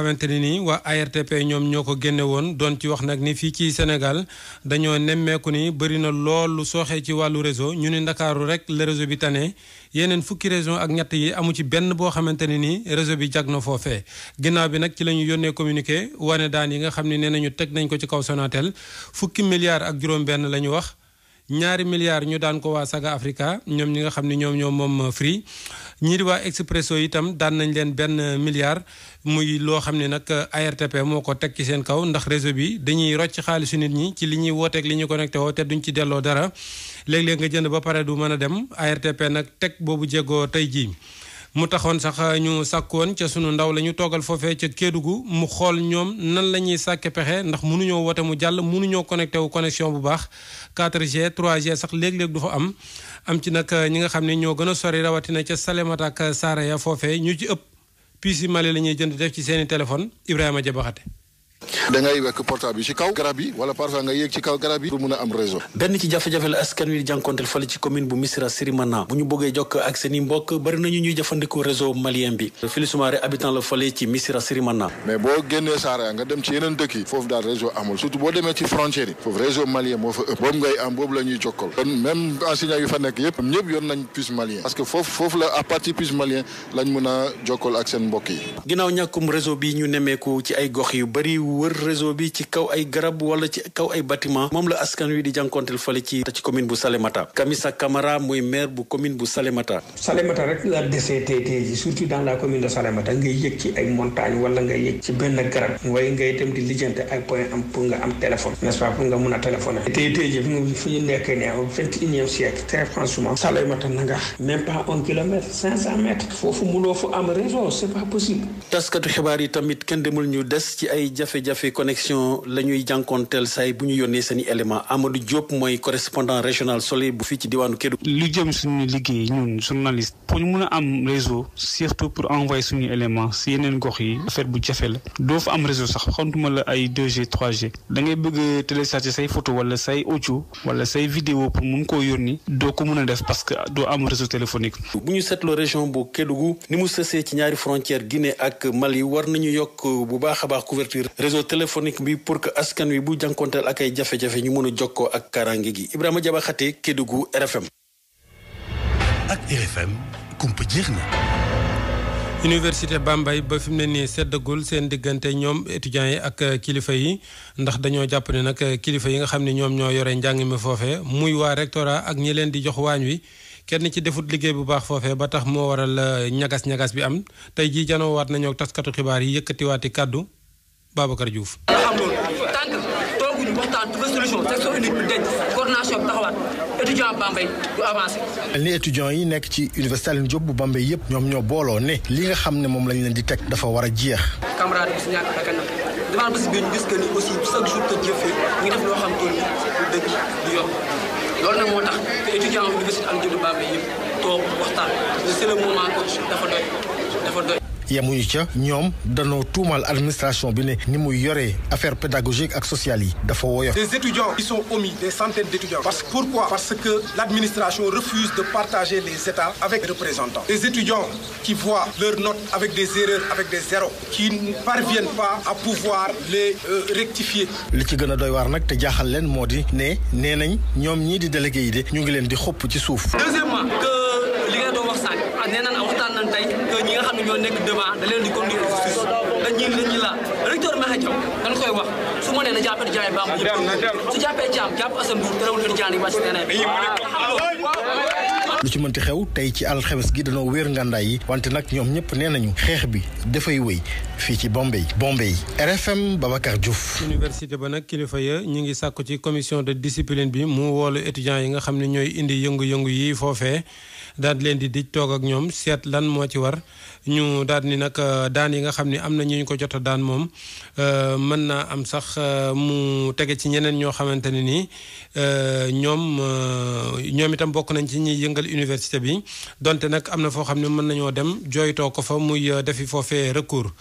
xamante ne nii waa ARTP ñoom ñoo ko génne woon doon ci wax nag ni fii ci Sénégal dañoo nemmeeku ni bëri na lool sooxee ci wàllu réseau ñu ne ndakaaru rek la réseau bi tane yeneen fukki région ak ñett yi amu ci benn boo xamante ni nii réseau bi jag na foofee ginnaaw bi nag ci la ñu yónnee communiqué wane daan yi nga xam ne nee nañu teg nañ ko ci kaw Sonatel fukki milliards ak juróom-benn la ñu wax ñaari milliards ñu daan ko waa Saga Africa ñoom ñi nga xam ne ñoom ñoo moom Free ñii waa Expresso itam daan nañ leen benn milliard muy loo xam ne nag euh, ARTP moo ko teg ci seen kaw ndax réseau bi dañuy rocc xaalisu nit ñi ci li ñuy wooteeg li ñuy connecté woo te duñu ci delloo dara léeg-léeg nga jënd ba pare du mën a dem ARTP nag teg boobu jéego tey jii. mu taxoon sax euh, ñu sàkkoon ca sunu ndaw la ñu toogal foofee ca Kédougou mu xool ñoom nan la ñuy sàkke pexe ndax mënuñoo woote mu jàll mënuñoo connecté wu connexion bu baax 4G 3G sax léeg-léeg du fa am am ci nag euh, ñi nga xam ne ñoo gën a sori rawatina ca Salémata ak euh, Saraya foofee ñu ci ëpp piis yi Mali la ñuy jënd def ci seeni téléphone Ibrahima Jabaxate da ngay wekk portable bi ci kaw garab yi wala parfois nga yéeg ci kaw garab yi pour mun a am réseau benn ci jafe-jafe la askan wi jànkonteel fële ci commune bu Missirah Sirimana bu ñu bëggee jokk ak seen i mbokk bëri nañu ñuy jëfandikoo réseau malien bi Fili Soumaré habitant la fële ci Missirah Sirimana mais boo génnee Saraya nga dem ci yi foofu daal réseau amul surtout boo demee ci frontière yi foofu réseau malien yu fa bari wër réseau bi ci kaw ay garab wala ci kaw ay bâtiment moom la askan wi di jànkonteel fale ci ci commune bu Salémata Kamisa Camara mooy maire bu commune bu Salémata Salémata rek yëg ci ay montagne wala nga yëg ci benn garab waaye ngay dem di lijjante point am pour nga am téléphone nest pas pour nga mun a téléphoner tey tey ji ñu nekk ne au vingt et unième siècle très franchement Salémata na nga pas un kilomètre cinq cent mètres foofu mënoo fa am réseau c'est pas jafe-jafe connexion la ñuy jànkoonteel say bu ñu yónnee seen i élément Amadou Diop mooy correspondant régional Soleil bu fii ci diwaanu Kédougou. lu jëm suñu liggéey ñun journaliste pour ñu mun a am réseau surtout pour envoyer suñu élément si yeneen gox yi affaire bu jafe la doo fa am réseau sax ma la ay 2G 3G da ngay bëgg télécharger say photo wala say audio wala say vidéo pour mun koo yónni doo ko mun a def parce que doo am réseau téléphonique. bu ñu seetloo région bu Kédougou ni mu sësee ci ñaari frontière ak Mali war nañu yokk bu baax a baax téléphonique bi pour que askan wi bu jànkonteel ak ay jafe-jafe ñu mën a jokkoo ak kaaraange gi Ibrahima Jaba Xate Kédougou RFM. ak RFM kumpa jeex na. université Bambey ba fi mu ne nii seddagul seen diggante ñoom étudiants yi ak kilifa yi ndax dañoo jàpp ne nag kilifa yi nga xam ne ñoom ñoo yore njàng mi foofe muy waa rectorat ak ñi leen di jox waañ wi kenn ci defut liggéey bu baax foofe ba tax moo waral ñagas ñagas bi am tey jii janoowaat nañoo taskatu xibaar yi yëkkatiwaati kàddu Babacar Diouf. loolu tant que tooguñu waxtaan trouver du avancé. ni étudiants yi nekk ci université Alioune Diop bu Bambey yëpp ñoom ñoo booloo ne li nga xam ne moom lañ leen di teg dafa war a jeex. na moo tax te étudiant université Alioune Diop bu Bambey yëpp toog waxtaan c'est le moment que dafa doy dafa doy. yemuñu ca ñoom danoo tuumal administration bi ne ni muy yoree affaire pédagogique ak sociale yi dafa woyof. des étudiants ils sont omis des centaines d'étudiants parce que pourquoi parce que l'administration refuse de partager les états avec les représentants des étudiants qui voient leurs notes avec des erreurs avec des zéros qui ne parviennent pas à pouvoir les euh, rectifier. li ci gën a doy waar nag te jaaxal leen moo di ne nee nañ ñoom ñii di délégué yi de ñu ngi leen di xopp ci suuf. lu ci mënti xew tey ci alxames gi danoo wéer ngàndaay yi wante nag ñoom ñëpp nee nañu xeex bi dafay wéy fii ci Bombay Bombay RFM Babacar Diouf. université ba nag kilifa ya ñu ngi sàkku ci commission de discipline bi mu woolu étudiants yi nga xam ne ñooy indi yëngu-yëngu yi foofee daal di leen di dij toog ak ñoom seet lan moo ci war ñu daal ni nag euh, daan yi nga xam ni am na ñu ñu ko jota daan moom euh, mën naa am sax euh, mu tege ci ñeneen ñoo xamante ne nii ñoom ñoom itam bokk nañ ci ñuy yëngal université bi donte nag am na foo xam ne mën nañoo dem jooytoo ko fa muy defi foofee recours